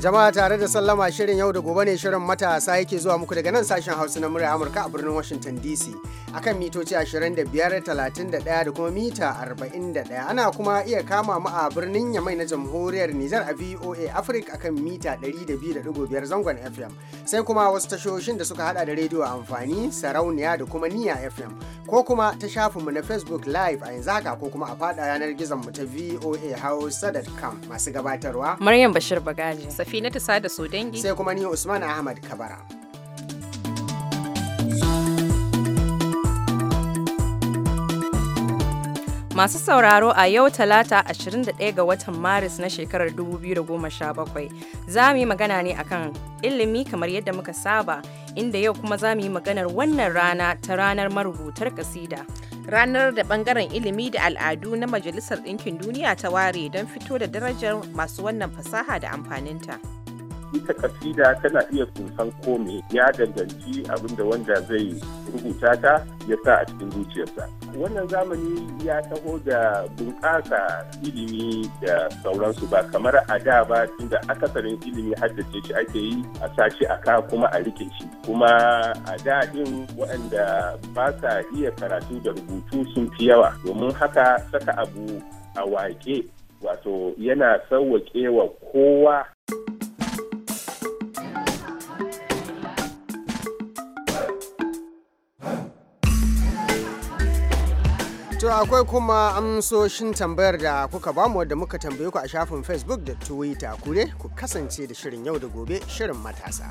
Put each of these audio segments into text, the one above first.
Jama'a tare da sallama shirin yau da gobe ne shirin matasa yake zuwa muku daga nan sashen Hausa na murya Amurka a birnin Washington DC. akan mitoci 25, 31 da kuma mita 41. Ana kuma iya kama mu a birnin Yamai na Jamhuriyar Nijar a VOA Africa akan mita 102.5 zangon FM. Sai kuma wasu tashoshin da suka hada da rediyo amfani, sarauniya da kuma niya FM. Ko kuma ta shafinmu na Facebook Live a yanzu haka ko kuma a fada yanar gizon mu ta VOA Hausa.com masu gabatarwa. Maryam Bashir Bagaji. ta Sada Sai kuma ni Usman Ahmad Kabara. Masu sauraro a yau talata 21 ga watan Maris na shekarar 2017 za mu yi magana ne akan ilimi kamar yadda muka saba inda yau kuma za mu yi maganar wannan rana ta ranar marubutar kasida. Ranar da bangaren ilimi da al'adu na Majalisar Ɗinkin Duniya ta ware don fito da darajar masu wannan fasaha da amfaninta. ita kasida tana iya kusan kome ya danganci abinda wanda zai rubuta ta ya sa a cikin zuciyarsa wannan zamani ya taho da bunƙasa ilimi da sauransu ba kamar a da ba tunda akasarin ilimi haddace shi ake yi a sashi a ka kuma a rike shi kuma a da din waɗanda ba sa iya karatu da rubutu sun fi yawa domin haka saka abu a waƙe wato yana sauwaƙe wa kowa akwai kuma amsoshin tambayar da kuka bamu wadda muka tambaye ku a shafin facebook da twitter ku ne ku kasance da shirin yau da gobe shirin matasa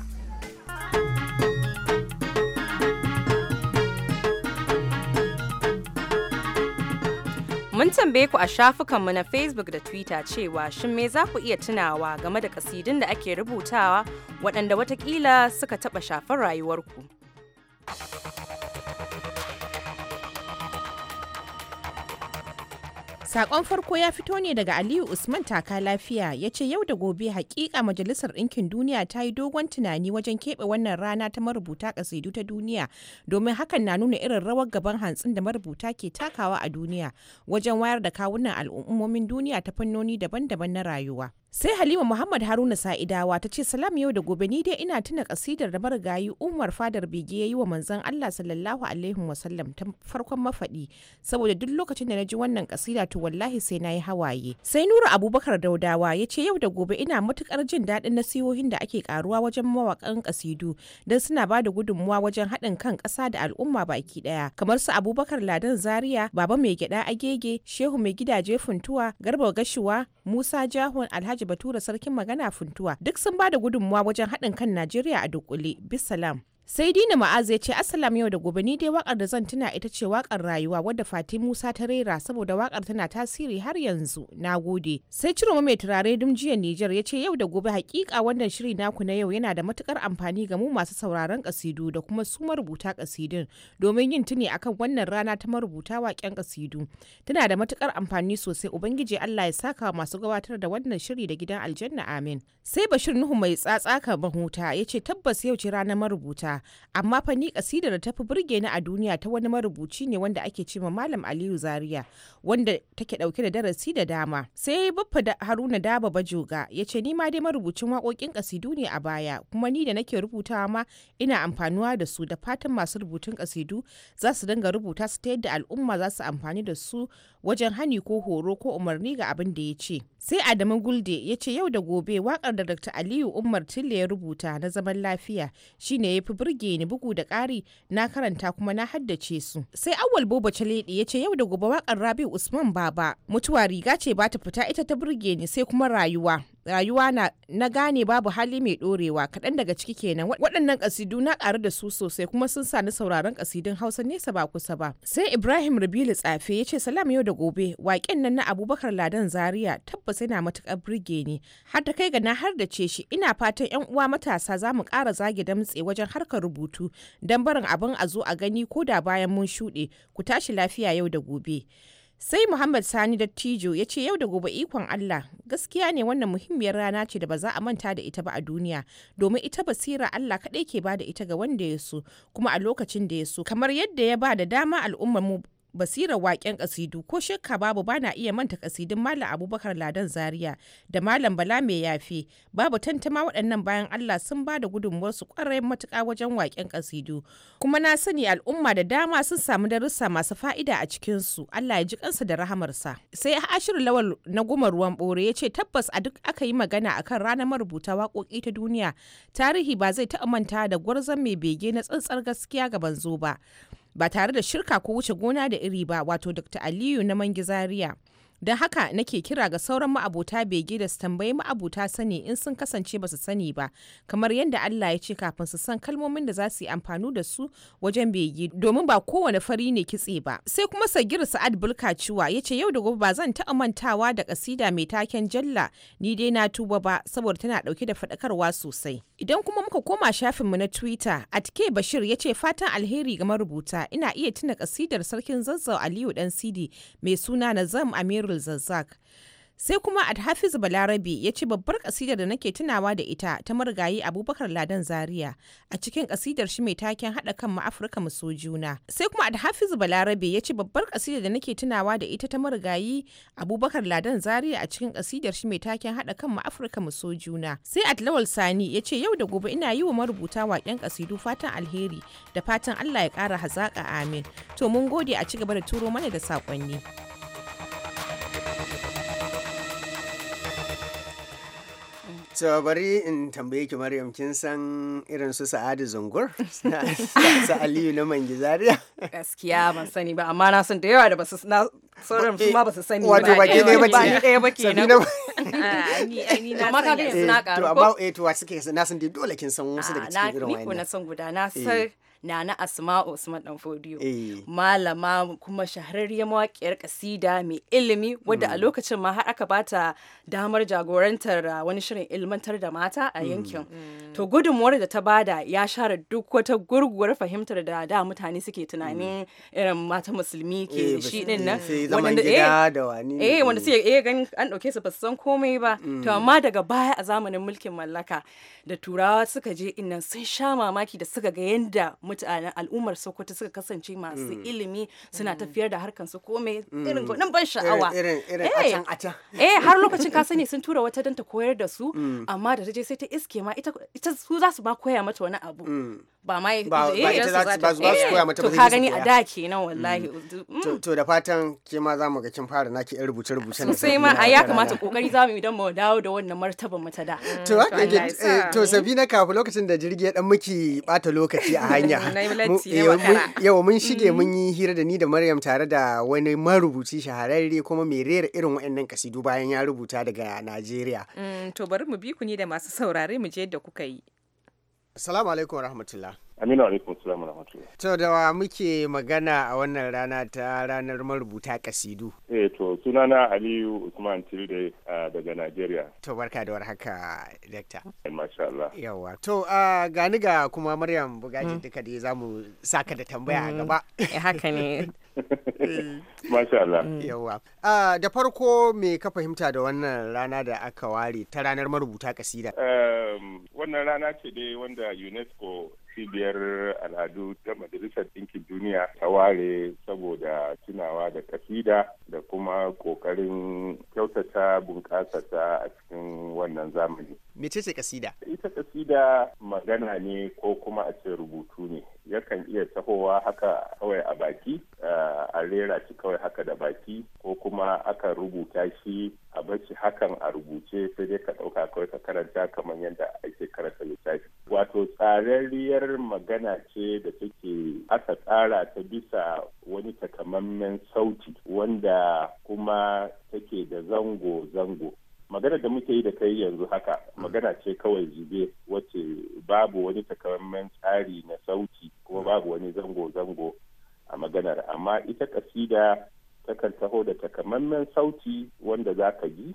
Mun tambaye ku a shafukanmu na Facebook da Twitter cewa shin me za ku iya tunawa game da kasidun da ake rubutawa waɗanda watakila suka taɓa shafar rayuwarku. Sakon farko ya fito ne daga Aliyu Usman taka lafiya ya ce yau da gobe hakika Majalisar Ɗinkin Duniya ta yi dogon tunani wajen keɓe wannan rana ta marubuta kasidu ta duniya domin hakan na nuna irin rawar gaban hantsin da marubuta ke takawa a duniya wajen wayar da kawunan al'ummomin duniya ta fannoni daban-daban na rayuwa. sai halima muhammad haruna sa'idawa ta ce salam yau da gobe ni dai ina tuna kasidar da marigayi umar fadar bege ya yi wa manzon allah sallallahu alaihi sallam ta farkon mafaɗi saboda duk lokacin da na ji wannan kasida to wallahi sai na yi hawaye sai nura abubakar daudawa ya ce yau da gobe ina matukar jin daɗin nasihohin da ake karuwa wajen mawakan kasidu don suna ba da gudunmuwa wajen haɗin kan ƙasa da al'umma baki ɗaya kamar su abubakar ladan zaria baba mai gyaɗa agege shehu mai gidaje funtuwa garba gashuwa musa jahun alhaji Alhaji Bature Sarkin Magana Funtuwa duk sun ba da gudunmuwa wajen haɗin kan Najeriya a dukkule. Bisalam. sai dina ma'az ya ce asalam yau da gobe ni dai wakar da zan tuna ita ce wakar rayuwa wadda fati musa ta rera saboda wakar tana tasiri har yanzu na gode sai ciro mai turare jiya nijar ya ce yau da gobe hakika wannan shiri naku na yau yana da matukar amfani ga mu masu sauraron kasidu da kuma su marubuta kasidun domin yin tuni akan wannan rana ta marubuta waken kasidu tana da matukar amfani sosai ubangiji allah ya saka masu gabatar da wannan shiri da gidan aljanna amin sai bashir nuhu mai tsatsaka kan mahuta ya ce tabbas yau ce ranar marubuta amma fa ni kasidar ta fi burge ni a duniya ta wani marubuci ne wanda ake cewa Malam Aliyu Zaria wanda take dauke da darasi da dama. Sai buffa da Haruna Daba Bajoga ya ce ni ma dai marubucin waƙoƙin kasidu ne a baya kuma ni da nake rubutawa ma ina amfanuwa da su da fatan masu rubutun kasidu za su dinga rubuta su ta yadda al'umma za su amfani da su wajen hani ko horo ko umarni ga abin da ya ce. Sai Adamu Gulde ya ce yau da gobe waƙar da Dr. Aliyu Umar Tille ya rubuta na zaman lafiya shine ya fi burge ni bugu da ƙari na karanta kuma na haddace su. Sai awal boba Chaledi ya ce yau da gobe waƙar rabi Usman Baba mutuwa riga ce ba ta fita ita ta burge ni sai kuma rayuwa. rayuwa na, na gane babu hali mai dorewa kaɗan daga ciki kenan waɗannan ƙasidu na ƙaru da su sosai kuma sun sa ni sauraron ƙasidun hausa nesa ba kusa ba sai ibrahim rabilu tsafe ya ce salam yau da gobe waƙen nan na abubakar ladan zaria tabbas yana matuƙar burge ni har ta kai ga na har da ce shi ina fatan yan uwa matasa za mu ƙara zage damtse wajen harkar rubutu don barin abin a zo a gani ko da bayan mun shuɗe ku tashi lafiya yau da gobe. Sai Muhammad Sani Dattijo ya ce yau da gobe ikon Allah gaskiya ne wannan muhimmiyar rana ce da ba za a manta da ita ba a duniya domin ita basira Allah kaɗai ke ba da ita ga wanda ya so kuma a lokacin da ya so kamar yadda ya ba da dama al'ummar mu basira waƙen ƙasidu ko shakka babu bana iya manta ƙasidun malam abubakar ladan zaria da malam bala mai yafe babu tantama waɗannan bayan allah sun ba da su ƙwarai matuƙa wajen waƙen ƙasidu kuma na sani al'umma da dama sun samu darussa masu fa'ida a cikin su allah ya ji kansa da rahamarsa sai ashir lawal na goma ruwan bore ya ce tabbas a duk aka yi magana akan ranar marubuta waƙoƙi ta duniya tarihi ba zai taɓa manta da gwarzon mai bege na tsantsar gaskiya ga banzo ba ba tare da shirka ko wuce gona da iri ba wato dr aliyu na mangi zaria Don haka nake kira ga sauran ma'abuta bege da su tambayi ma'abuta sani in sun kasance ba su sani ba, kamar yadda Allah ya ce kafin su san kalmomin da za su yi amfani da su wajen bege domin ba kowane fari ne kitse ba. Sai kuma Sagir Sa'ad Bulkaciwa ya ce yau da gobe ba zan taɓa mantawa da kasida mai taken jalla ni dai na tuba ba saboda tana ɗauke da faɗakarwa sosai. Idan kuma muka koma shafinmu na Twitter, Atke Bashir ya ce fatan alheri ga marubuta ina iya tuna kasidar sarkin zazzau Aliyu Dan Sidi mai suna Nazam Amir Zazzak. Sai kuma Adhafiz Balarabe ya ce babbar kasidar da nake tunawa da ita ta marigayi Abubakar Ladan Zaria a cikin kasidar shi mai taken haɗa kan mu Afirka mu so juna. Sai kuma Adhafiz Balarabe ya ce babbar kasidar da nake tunawa da ita ta marigayi Abubakar Ladan Zaria a cikin kasidar shi mai taken haɗa kan mu Afirka mu so juna. Sai Adlawal Sani ya ce yau da gobe ina yi wa marubuta waƙen kasidu fatan alheri da fatan Allah ya ƙara hazaƙa amin. To mun gode a ci gaba da turo mana da sakonni. to bari in tambaye ki maryam kin san irin su sa'adu zungur sa aliyu na mangi zaria gaskiya ban sani ba amma na san da yawa da basu na sauran su ma basu sani ba wato ba ke ne ba ce ba ba ke na ah, ni na amma ka ga suna to amma eh to wa suke na san dole kin san wasu daga ah, cikin irin na ni ko na san guda na eh. san Nana Asma'u Usman Danfodiyo. Eh. Malama kuma shahararriyar mawaƙiyar kasida mai ilimi wadda a mm. lokacin ma har aka bata damar jagorantar ah, wani shirin ilmantar da mata a mm. yankin. Mm. To gudunmuwar da ta bada ya share duk wata gurguwar fahimtar da da mutane suke tunani irin mata musulmi ke eh, shi din nan. Wanda eh, eh wanda suke eh ganin an dauke su ba su san komai ba. To amma daga baya a zamanin mulkin mallaka da turawa suka je innan sun sha mamaki da suka ga yanda mutanen al'ummar sokoto suka kasance masu mm. ilimi suna mm. tafiyar da harkan su komai mm. irin gwanin ban sha'awa eh, eh har lokacin ka sani sun tura wata danta ta koyar da su amma da ta je sai ta iske ma ita su za su ba koya mata wani abu ba ma ba eh, ita za su eh, koya mata ba ka gani a da kenan wallahi to da fatan ke ma za mu ga kin fara naki yan rubuce rubuce ne sai ma a ya kamata kokari za mu idan mu dawo da wannan martaban mata ta da to to sabina kafu lokacin da jirgi ya dan miki bata lokaci a hanya yau mun shige mm-hmm. mun yi hira da ni da maryam tare da wani marubuci shahararre kuma mai rera irin waɗannan kasidu bayan ya rubuta daga najeriya mm, to bari mu bi ku ni da masu saurare mu je da kuka yi Salamu alaikum wa rahmatullah. Aminu alaikum salamu rahmatullah. To da wa muke magana a wannan rana ta ranar marubuta kasidu. Eh to sunana Aliyu Usman Tilde daga Najeriya. To barka da warhaka Dakta. Masha Allah. Yawwa. To gani ga kuma Maryam Bugaji mm. duka za zamu saka da tambaya mm. gaba. Eh haka ne. Eh. Masha Allah. Mm. Ah, da farko me ka fahimta da wannan rana da aka ware ta ranar marubuta kasida? Wannan rana ce dai wanda UNESCO cibiyar al'adu ta majalisar ɗinkin duniya ta ware saboda tunawa da kasida da kuma ƙoƙarin kyautata bunƙasa ta a cikin wannan zamani. mecece kasida ita kasida magana ne ko kuma a ce rubutu ne yakan iya tahowa haka kawai a baki eh, a rera shi kawai haka da baki ko kuma aka rubuta shi a bashi hakan a rubuce sai dai ka ɗauka kawai ka karanta kamar yadda ake karanta littafi wato tsararriyar magana ce da take aka tsara ta bisa wani takamammen sauti wanda kuma take da zango-zango magana da muke yi da kai yanzu haka magana ce kawai zube wacce babu wani takamaiman tsari na sauti kuma babu wani zango-zango a maganar amma ita kasida takan taho da takamaiman sauti wanda za ka ji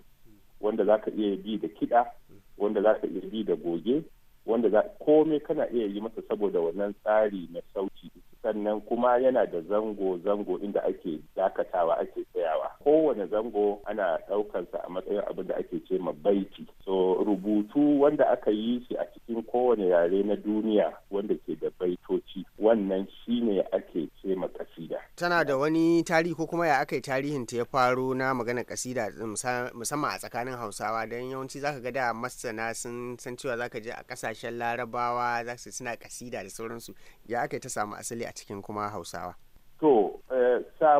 wanda za ka iya bi da kiɗa wanda za ka iya bi da goge wanda za komai kana iya yi masa saboda wannan tsari na sauti sannan kuma yana da zango-zango inda ake dakatawa ake tsayawa kowane zango ana ɗaukansa a matsayin abin da ake ce ma baiti so rubutu wanda aka yi shi a cikin kowane yare na duniya wanda ke da baitoci wannan shine ake ce ma kasida tana da wani tarihi ko kuma ya aka yi tarihin ta ya faro na magana kasida musamman a tsakanin hausawa don yawanci zaka ga da masana sun san cewa zaka je a kasashen larabawa za su suna kasida da sauransu ya aka yi ta samu asali a cikin kuma hausawa To, eh, ta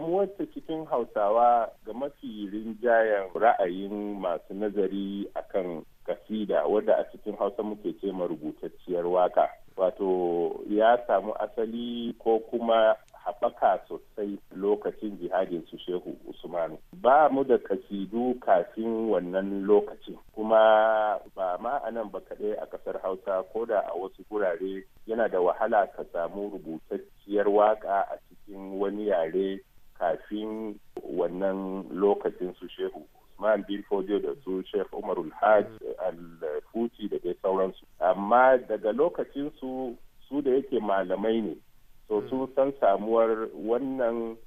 cikin hausawa ga mafi rinjayen ra'ayin masu nazari akan kasida wadda a cikin hausa muke ce rubutacciyar waka. Wato ya samu asali ko kuma haɓaka sosai lokacin jihadin su shehu usmanu ba mu da kasidu kafin wannan lokacin kuma ba ma a nan ba kaɗai a ƙasar hausa ko da a wasu gurare yana da wahala ka samu rubutacciyar waƙa a cikin wani yare kafin wannan lokacin su shehu Usman bin Fodio da su Sheikh Umar Hajj Al-Futi da dai sauransu. Amma daga lokacin su su da yake malamai ne so hmm. sun san samuwar wannan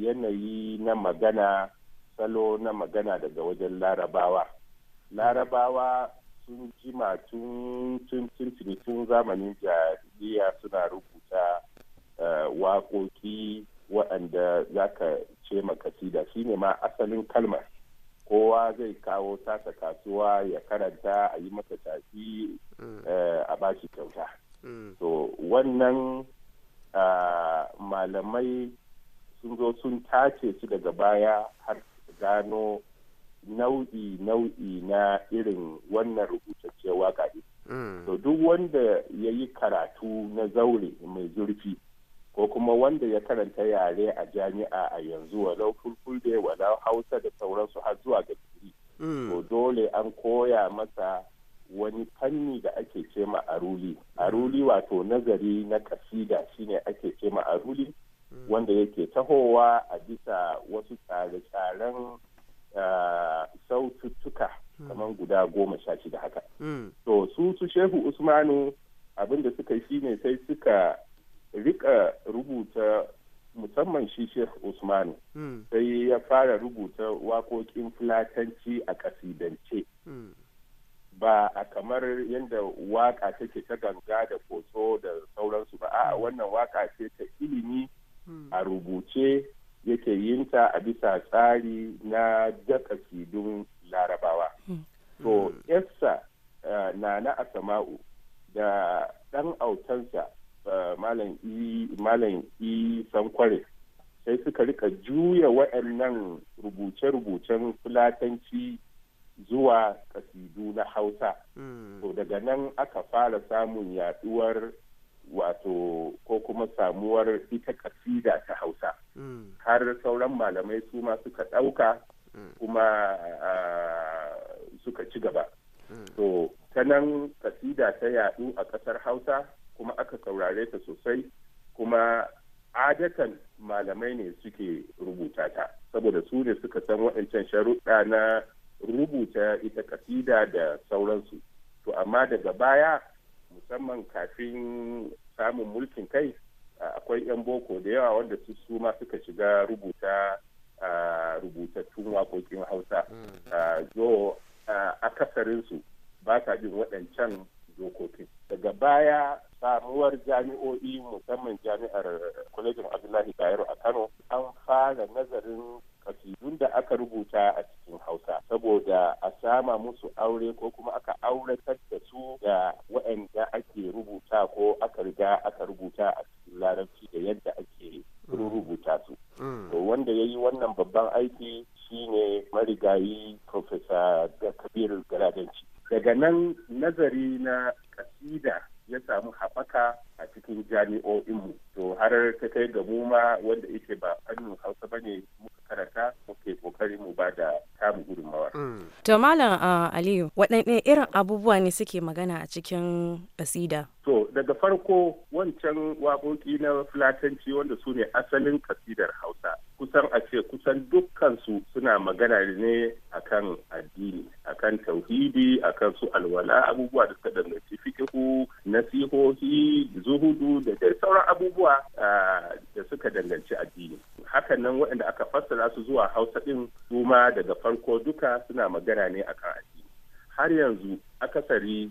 yanayi na magana salo na magana daga wajen larabawa hmm. larabawa sun jima tun tun tun zamanin jariya suna rubuta waƙoƙi waɗanda za ka ce makasida shine ma asalin kalmar kowa zai kawo tasa kasuwa ya karanta a yi masa tafi hmm. eh, a bashi kyauta to mm. wannan ah, malamai sun zo sun tace su daga baya har gano nau'i nau'i na irin wannan rubutacce waka to mm. duk wanda ya yi karatu na zaure mai zurfi ko kuma wanda ya karanta yare a jami'a a yanzu walau da walau hausa da sauransu har zuwa ga mm. to dole an koya masa wani fanni da ake ce ma aruli aruli wato nazari na kasida shine ake ce ma aruli mm. wanda yake tahowa a bisa wasu tsare-tsaren ah, saututtuka mm. kamar guda goma sha shida haka mm. to su su shehu usmanu abinda suka yi shine sai suka rika rubuta musamman shi shehu Usmanu sai ya fara rubuta waƙoƙin fulatanci a kasidance. ba a kamar yadda waka take ta ganga da kotso da sauransu ba a wannan waka ce ta ilimi hmm. a rubuce yake yinta a bisa tsari na daka sidun larabawa hmm. to eh, na na asama'u da dan autansa eh, malam i sankware sai suka rika juya waɗannan rubuce-rubucen fulatanci zuwa kasidu na hausa hmm. to daga nan aka fara samun yaduwar wato ko kuma samuwar ita kasida ta hausa hmm. har sauran malamai su ma suka ɗauka hmm. kuma suka ci gaba to ta nan kasida ta yadu a ƙasar hausa kuma aka saurare ta sosai kuma adatan malamai ne suke rubuta ta saboda su ne suka san waɗancan sharuɗa na rubuta ita kasida da sauransu to amma daga baya musamman kafin samun mulkin kai akwai 'yan boko da yawa wanda su ma suka shiga rubuta rubutattun waƙoƙin hausa zo akasarinsu ba sa jin waɗancan dokokin daga baya samuwar jami'o'i musamman jami'ar kwalejin abdullahi bayero a kano an fara nazarin kasidun da aka rubuta a cikin hausa saboda a sama musu aure ko kuma aka auratar da su da waɗanda ake rubuta ko aka riga aka rubuta a cikin larabci da yadda ake rubuta su mm. to wanda ya yi wannan babban aiki shine marigayi profesa kabir galadanci daga nan nazari na kasida ya samu haɓaka a cikin jami'o'inmu to har ta kai ga mu ma wanda yake ba fannin hausa bane karanta muke kokari mu ba da tamu gudunmawar. Mm. To Malam uh, Aliyu, waɗanne irin abubuwa ne suke magana a cikin kasida? To daga farko wancan waƙoƙi na Fulatanci wanda su ne asalin kasidar Hausa. Kusan a ce kusan dukkansu suna magana ne akan addini, akan tauhidi, akan su alwala abubuwa da suka danganci fikihu, nasihohi, zuhudu da sauran abubuwa uh, da suka danganci addini hakan nan waɗanda aka fassara su zuwa hausa ɗin suma daga farko duka suna magana ne akan addini har yanzu akasari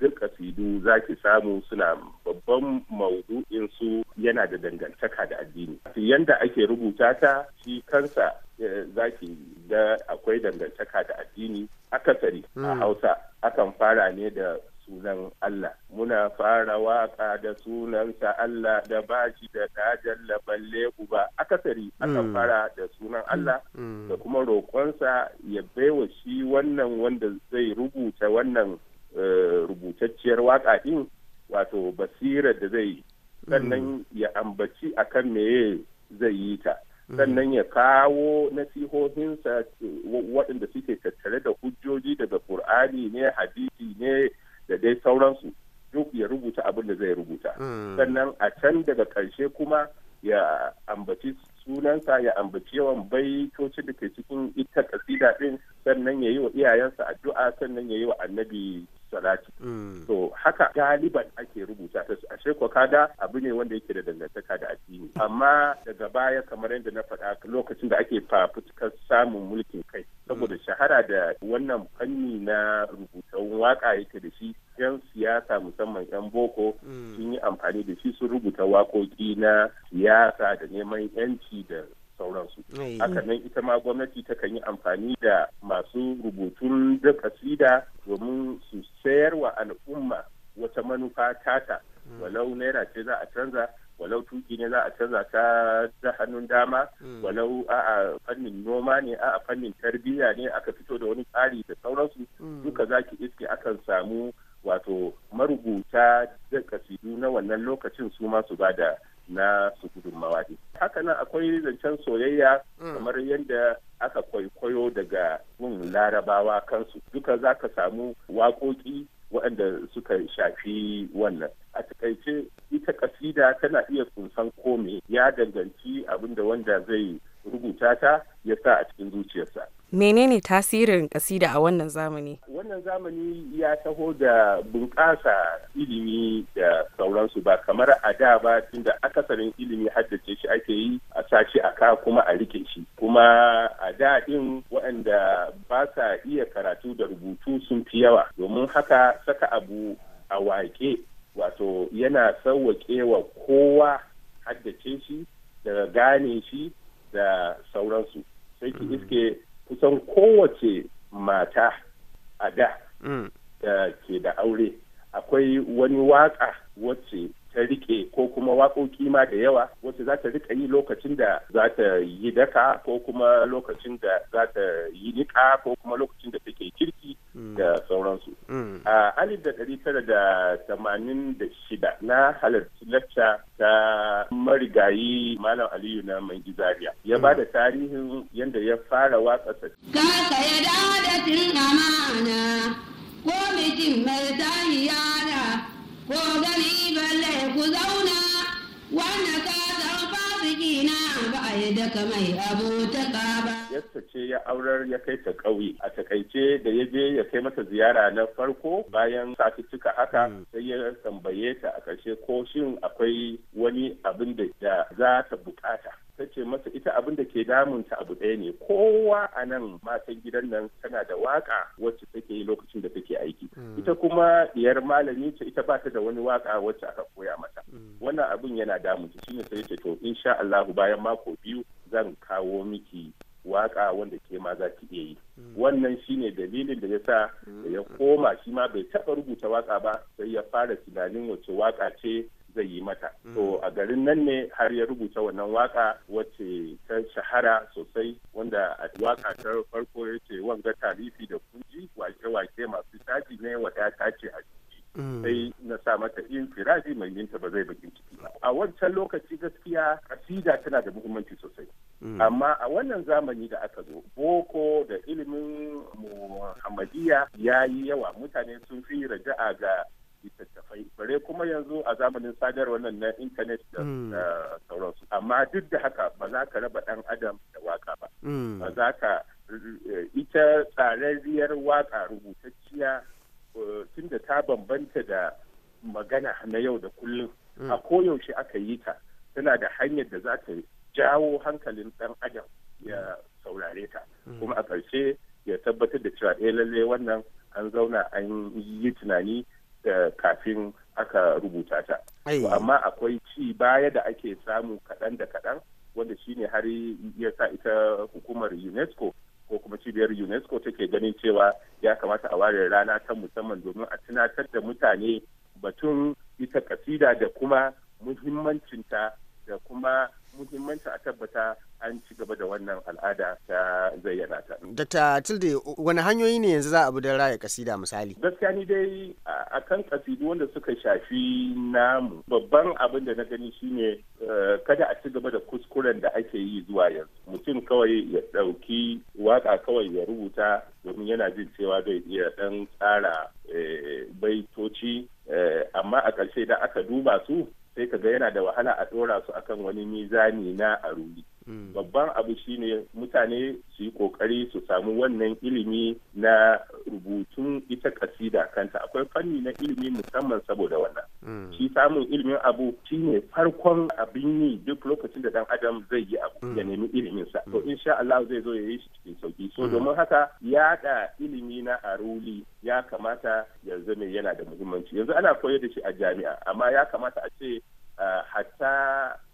duk kasidu za ki samu suna babban maudu'in su yana da dangantaka da addini yanda ake rubuta ta shi kansa eh, za ki da akwai dangantaka da addini akasari a hmm. hausa akan fara ne da sunan Allah muna fara waka da sunansa Allah da bashi da tajalla balle uba akasari aka mm. fara da sunan Allah mm. Mm. da kuma roƙonsa ya baiwa shi wannan wanda zai rubuta wannan eh, rubutacciyar waka din wato basira da zai sannan ya ambaci akan meye zai yi ta sannan ya kawo nasihohinsa waɗanda suke tattare da hujjoji daga ƙur'ani ne hadisi ne da dai sauransu duk ya rubuta abin da zai rubuta hmm. sannan a can daga karshe kuma ya ambaci sunansa ya ambaci yawan baitoci da ke cikin ita kasida din sannan ya yi wa iyayensa addu'a sannan ya yi wa annabi salati mm. to haka galiban ake rubuta ta a ko kada abu ne wanda yake da dangantaka da addini amma daga baya kamar yadda na faɗa lokacin da ake fafutukar samun mulkin kai saboda mm. shahara da wannan fanni na rubutun waka yake da shi yan siyasa musamman yan boko mm. sun yi amfani da shi sun rubuta wakoki na siyasa da neman yanci da sauransu haka nan ita ma gwamnati ta kan yi amfani da masu rubutun da kasida domin su sayar wa al'umma wata manufa tata hmm. walau naira ce za a canza walau tuki ne za a canza ta ta hannun dama hmm. walau a fannin noma ne a fannin tarbiyya ne aka fito da wani tsari da sauransu hmm. duka zaki iske akan samu wato marubuta da kasidu na wannan lokacin su ma su bada na su gudunmawa nan akwai zancen soyayya mm. kamar yadda aka kwaikwayo daga yin larabawa kansu duka za ka samu waƙoƙi waɗanda suka shafi wannan a takaice ita kasida tana iya kunsan kome ya danganci abinda wanda zai rubuta ta ya sa a cikin zuciyarsa menene tasirin kasida a wannan zamani wannan zamani ya taho da bunƙasa ilimi da sauransu ba kamar a da ba tunda akasarin ilimi haddace shi ake yi a sashi a ka kuma a rike shi kuma a da din waɗanda ba sa iya karatu da rubutu sun fi yawa domin haka saka abu a waƙe wato yana sauwaƙe wa kowa haddace shi daga gane shi da sauransu sai ki mm. iske kusan kowace mata a da mm. da ke da aure akwai wani waka wacce ta rike ko kuma waƙoƙi ma da yawa wacce za ta rika yi lokacin da za ta yi daka ko kuma lokacin da za ta yi niƙa ko kuma lokacin da take kirki Mm. da sauransu. Mm. A alif da ɗari tara da tamanin da shida na halarci lacca ta marigayi Malam Aliyu na Mangi Zaria. Ya mm. ba da tarihin yadda ya fara watsa sa. Ka saye da na amana, ko mijin mai tani yara, ko gani balle ku zauna, wanda ka zaufa fasiki na ba a daka mai abotaka ba. Yasta ce ya aurar ya kai ta ƙauye. A takaice da ya je ya kai mata ziyara na farko bayan sati cika haka hmm. sai ya tambaye ta a ƙarshe ko shin akwai wani abin da za ta bukata. ta ce masa ita abin da ke damunta abu ɗaya ne kowa a nan matan gidan nan tana da waka wacce take yi lokacin da take aiki mm. ita kuma diyar malami ce ita ba ta da wani waka wacce aka koya mata mm. wannan abin yana damunta shine sai ce to sha Allah bayan mako biyu zan kawo miki waka wanda ke ma za ki iya yi mm. wannan shine dalilin da ya sa da ya koma shi ma bai taɓa rubuta waka ba sai ya fara tunanin wacce waka ce zai yi mata mm. to a garin nan ne har ya rubuta wannan waka wacce ta shahara sosai wanda a waka ta farko ya ce wanga tarifi da kunji wake-wake masu taji ne ta ce a mm. sai na sa mata firaji mai yinta ba zai bakin ciki ba a wancan lokaci gaskiya kasida tana da muhimmanci sosai mm. amma a wannan zamani da aka zo boko da ilimin muhammadiyya ya yi yawa mutane sun fi raja'a ga littattafai bare kuma yanzu a zamanin sadarwar nan na intanet da hmm. sauransu amma duk da haka ba za ka raba dan adam da waka ba hmm. ba za ka ita tsararriyar waka rubutacciya tun da ta bambanta da magana na yau da kullum hmm. a koyaushe aka yi ta tana da hanyar da za ta jawo hankalin dan adam ya saurare ta kuma a ƙarshe ya tabbatar da cewa lalle eh, lallai wannan an zauna an yi tunani da kafin aka rubuta ta eh. amma akwai ci baya da ake samu kaɗan da kaɗan wanda shi ne har ya sa ita hukumar unesco ko kuma cibiyar unesco take ganin cewa ya kamata a ware rana ta musamman domin a tunatar da mutane batun ita kasida da kuma muhimmancinta da kuma muhimmanci a tabbata an ci gaba da wannan al'ada ta zayyana ta. Dr. Tilde, wani hanyoyi ne yanzu za a bi don raya kasida misali? Gaskiya ni dai a kan kasidu wanda suka shafi namu babban abin da na gani shine eh, kada a ci gaba da kuskuren da ake yi zuwa yanzu. Mutum kawai ya ɗauki waka kawai ya rubuta domin yana jin cewa zai iya ɗan tsara eh, baitoci eh, amma a ƙarshe da aka duba su sai ka ga yana da wahala a ɗora su akan wani mizani na aruri Hmm. babban abu shine mutane su yi kokari su samu wannan ilimi na rubutun ita kasida kanta akwai fanni na ilimi musamman saboda wannan hmm. shi samun ilimin abu shine farkon abin yi duk lokacin da dan adam zai yi abu hmm. ya nemi ilimin sa to sha Allah zai zo ya yi shi cikin sauki so domin haka yada ilimi na aruli ya kamata ya ne yana da muhimmanci yanzu ana koyar da shi a jami'a amma ya kamata a ce ah, hatta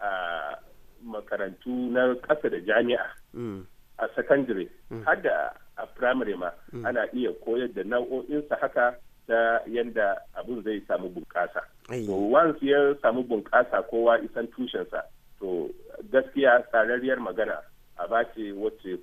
ah, makarantu na ƙasa da jami'a mm. a secondary mm. har da a primary ma mm. ana iya koyar da nau'o'insa haka ta yadda abin zai samu bunƙasa. to once ya samu bunƙasa kowa isan tushensa to gaskiya tsarariyar magana a bace wacce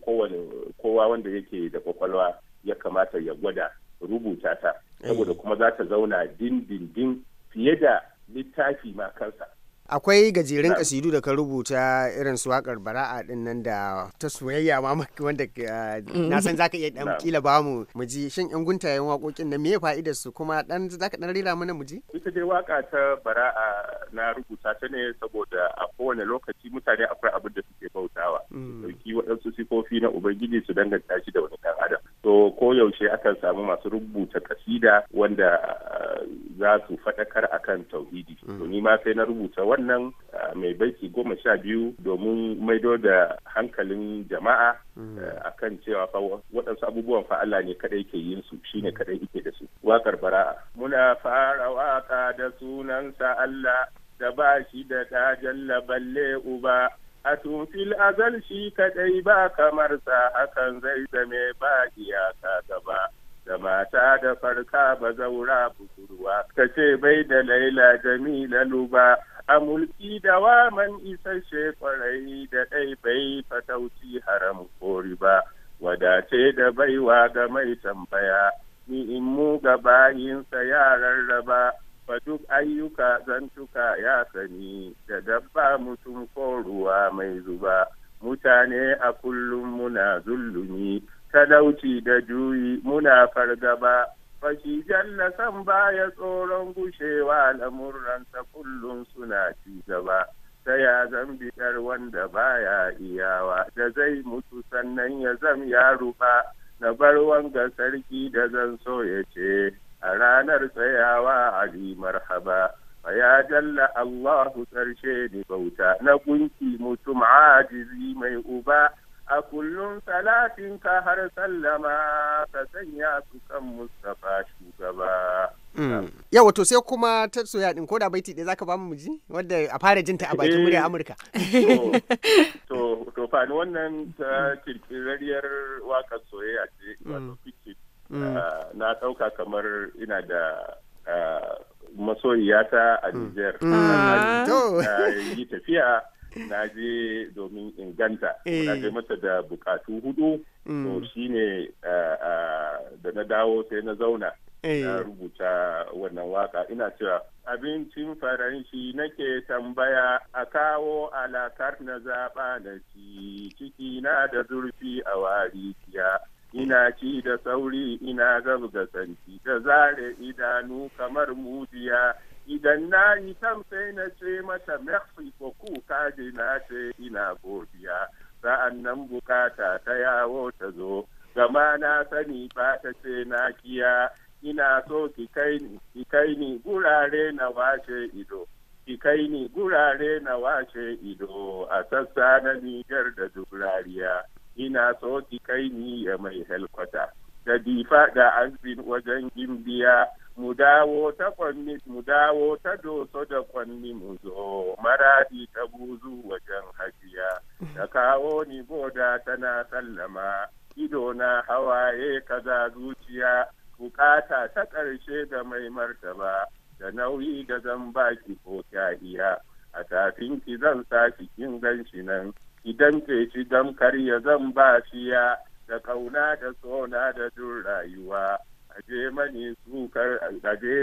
kowa wanda yake da kwakwalwa ya kamata ya gwada rubuta ta saboda kuma za ta zauna dindindin fiye da littafi ma kansa akwai gajeren kasidu da ka rubuta irin su wakar bara'a din nan da ta soyayya ma wanda ah, mm-hmm. na san zaka iya dan kila ba mu mu ji shin yan guntayen wakokin nan me fa'idar su kuma dan zaka dan rira mana mu ji ita dai waka ta bara'a na rubuta ta ne saboda a kowane lokaci mutane akwai abin da suke bautawa dauki mm. waɗansu sifofi na ubangiji su danganta shi da wani dan adam to koyaushe akan samu masu rubuta kasida wanda eh, za su faɗakar akan tauhidi mm. to ni ma sai na rubuta wannan eh, mai baiki goma sha biyu domin maido da hankalin jama'a mm. eh, akan cewa fa waɗansu abubuwan fa Allah ne kadai ke yin su shine kadai yake da su wakar bara'a muna fara waka da sunansa Allah da ba shi da ta jalla balle uba a tufil azal shi kaɗai ba kamar sa hakan zai zame ba iyaka gaba da mata da farka ba zaura budurwa ta ce bai da laila jamila luba a mulki da waman isasshe kwarai da ɗai bai fatauci haram kori ba wadace da baiwa ga mai tambaya ni in mu ga bayinsa ya rarraba fa duk ayyuka zantuka ya sani da dabba mutum ko ruwa mai zuba mutane a kullum muna zullumi talauci da juyi muna fargaba fashi san baya tsoron gushewa lamurransa kullum suna ci gaba ta ya zan biyar wanda baya iyawa da zai mutu sannan ya zam ya ruba na bar wanga sarki da zan so ya ce a ranar tsayawa ali marhaba ya jalla Allahu tsarshe da bauta na gunki mutum ajizi mai uba a kullum salatin ka har sallama ka sanya su kan Mustapha shugaba. Hmm. Yau wato sai kuma ta soya din koda baiti da zaka ba mu ji wadda a fara jinta a bakin murya eh. Amurka. To to fa wannan ta kirkirariyar wakar soyayya ce hmm. wato Mm. Ah, na ɗauka kamar ina da ah, masoyiyata a mm. Nijar. Mm. Ah. Na yi tafiya na je domin inganta. Na je eh. mata da bukatu hudu. To shi da na dawo sai na zauna. Na eh. rubuta wannan waka ina cewa abincin faranshi nake tambaya a kawo alakar na zaɓa na ci ciki na da zurfi a warikiya. ina ci da sauri ina ga santi da zare idanu kamar mujiya idan na yi tam sai na ce mata merci beaucoup kaji na ce ina godiya sa'an nan bukata ta yawo ta zo gama na sani ba ta ce na kiya ina so ki kai ni ki kai gurare na wace ido ki kai ni gurare na wace ido a sassa na nijar da duk ina so ki kai ni ya mai helkwata da difa da azbin wajen gimbiya mu dawo ta kwanni mu dawo ta doso da kwanni mu zo maradi ta buzu wajen hajiya da kawo ni boda tana sallama ido na hawaye kaza zuciya bukata ta ƙarshe da mai martaba da nauyi da zan baki ko kyahiya a tafin ki zan sa kin gan nan idan ke ci don karya zan ba shi ya da kauna da tsona da jin rayuwa aje mani su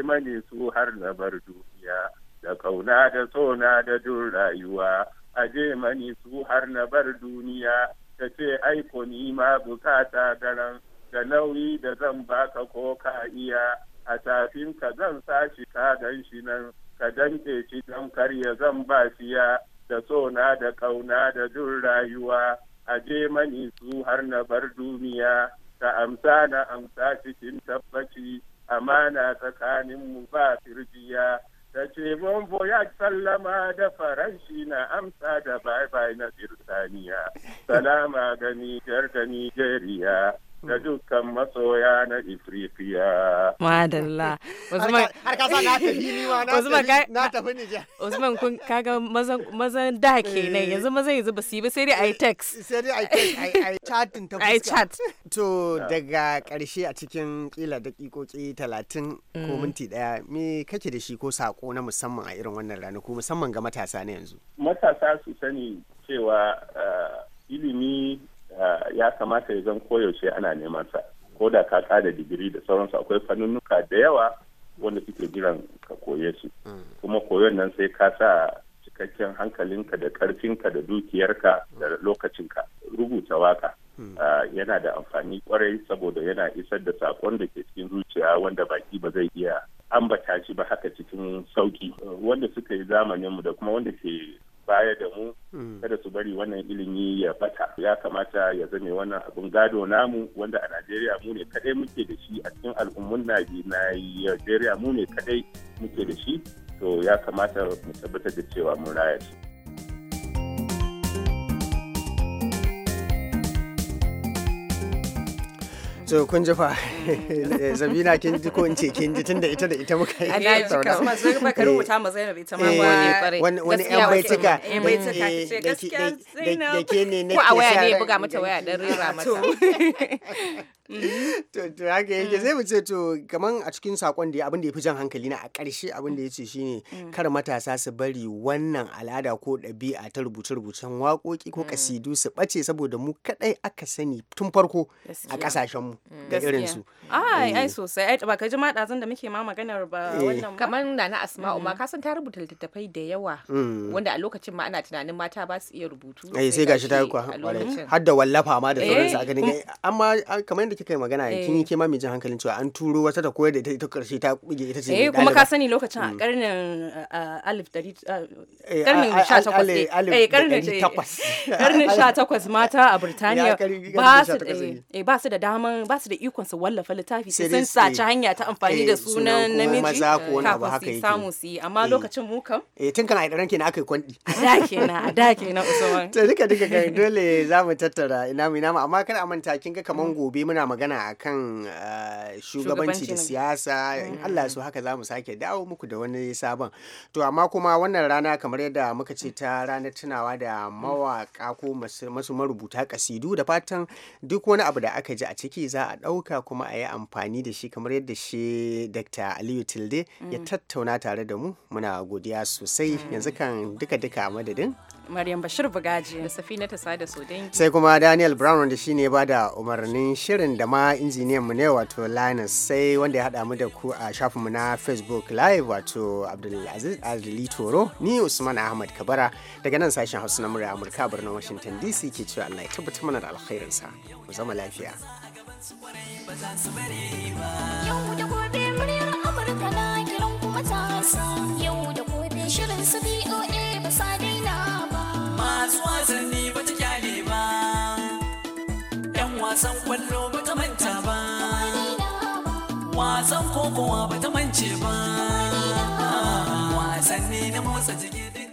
mani har na bar duniya da kauna da tsona da jin rayuwa aje mani su har na bar duniya ta ce aiko ni ma bukata daren da nauyi da zan baka ko ka iya a tafin ka zan sashi ka dan shi nan ka danke shi don karya zan ba shi ya da so na da ƙauna da jin rayuwa a je mani su har na bar duniya ta amsa na amsa cikin tabbaci amana tsakaninmu ba firjiya ta ce mun voyage sallama da faranshi na amsa da bye bye na birtaniya salama ga nijar da nijeriya da dukkan masoya na Ifrifiya. Madalla. Har ka na tafi ni ma Usman kun kaga mazan da ke nan eh. yanzu mazan yanzu ba su yi ba sai dai a yi text. Sai dai a yi text chatin ta fuska. A yi chat. To daga karshe a cikin kila dakikoki talatin ko mm. minti daya me kake da shi ko sako na musamman a irin wannan ranaku musamman ga matasa na yanzu. Matasa su sani cewa eh, ilimi ya kamata ya zan koyaushe ana neman sa ko da ka kada digiri da sauransu akwai fannunuka da yawa wanda suke jiran ka koye su kuma koyon nan sai ka sa cikakken hankalinka da karfinka da dukiyarka da lokacinka rubuta waka yana da amfani kwarai saboda yana isar da sakon da ke cikin zuciya wanda baki ba zai iya ambata shi ba haka cikin sauki wanda suka yi zamaninmu da kuma wanda ke baya da mu hmm. kada su bari wannan ilimi ya bata ya kamata ya zame wannan abun gado namu wanda a najeriya mu ne kadai muke da shi a cikin al'ummun najeriya mu ne kadai muke da shi to ya kamata mu tabbatar da cewa mun raya shi to kun ji fa eh, zabina kin ji ko in ce kin ji tunda ita da ita muka yi ana ji kuma sai ba ka rubuta eh, ma Zainab ita ma gode eh, kware wani wani yan baitika yan baitika ce gaskiya Zainab ko a waya ne buga mata waya dan rera ah, mata Mm-hmm. to to haka yake mm. sai mu ce to kaman a cikin sakon da abin da ya fi jan hankali na a ƙarshe abin da ya ce shine mm. kar matasa su bari wannan al'ada ko ɗabi'a ta rubuce-rubucen waƙoƙi ko kasidu mm. su ɓace saboda mu kaɗai aka sani tun farko a ƙasashenmu mu da irin su ai ai eh. sosai ai ba ka ji ma da muke ma maganar ba eh. wannan kaman na na asma'u ma mm-hmm. ka san ta rubuta littattafai da yawa wanda a lokacin ma ana tunanin mata ba su iya rubutu eh, sai gashi ta yi kwa har da wallafa ma da sauransu a ganin amma kamar yadda kika yi magana kin yi eh. kema mai jin hankalin cewa an turo wata ta koyar da ita ita karshe ta buge ita ce eh kuma ka sani lokacin a karnin mm. eh, alif dari karnin eh, sha 18 eh karnin 18 karnin takwas mata a Birtaniya ba su eh ba su da daman ba su da ikon su wallafa littafi sai sun saci hanya ta amfani da sunan namiji kafin su samu su yi amma lokacin mu kam eh tun kana idan kenan aka yi kwandi da kenan a da kenan usman to duka duka kai dole za mu tattara ina mu ina mu amma kana a manta kin ga kaman mm. gobe muna magana akan eh, shugabanci da siyasa in mm. Allah su haka za mu sake dawo muku da wani sabon to amma kuma wannan rana kamar yadda muka ce ta ranar tunawa da mawaƙa ko masu marubuta kasidu da fatan duk wani abu da aka ji a ciki za a ɗauka kuma a yi amfani da shi kamar yadda shi Dr. Aliyu Tilde ya mm. tattauna tare da mu muna godiya sosai mm. yanzu kan duka-duka madadin Maryam Bashir Bugaji da Safina so dangi. Sai kuma Daniel Brown wanda shine ba da umarnin shirin da ma injiniyan mu ne wato Linus sai wanda ya hada mu da ku a shafinmu na Facebook Live wato Abdulaziz Adli Toro ni Usman Ahmad Kabara daga nan sashen Hausa na murya Amurka birnin Washington DC ke cewa Allah ya tabbatar mana da sa Mu zama lafiya. Yau da gobe muryar Amurka na kiran kuma ta yau da gobe shirin su BOA ba sa wasanni ba ta kyale ba yan wasan kwallo ba ta manta ba wasan kokowa ba ta mance ba wasanni na motsa jiki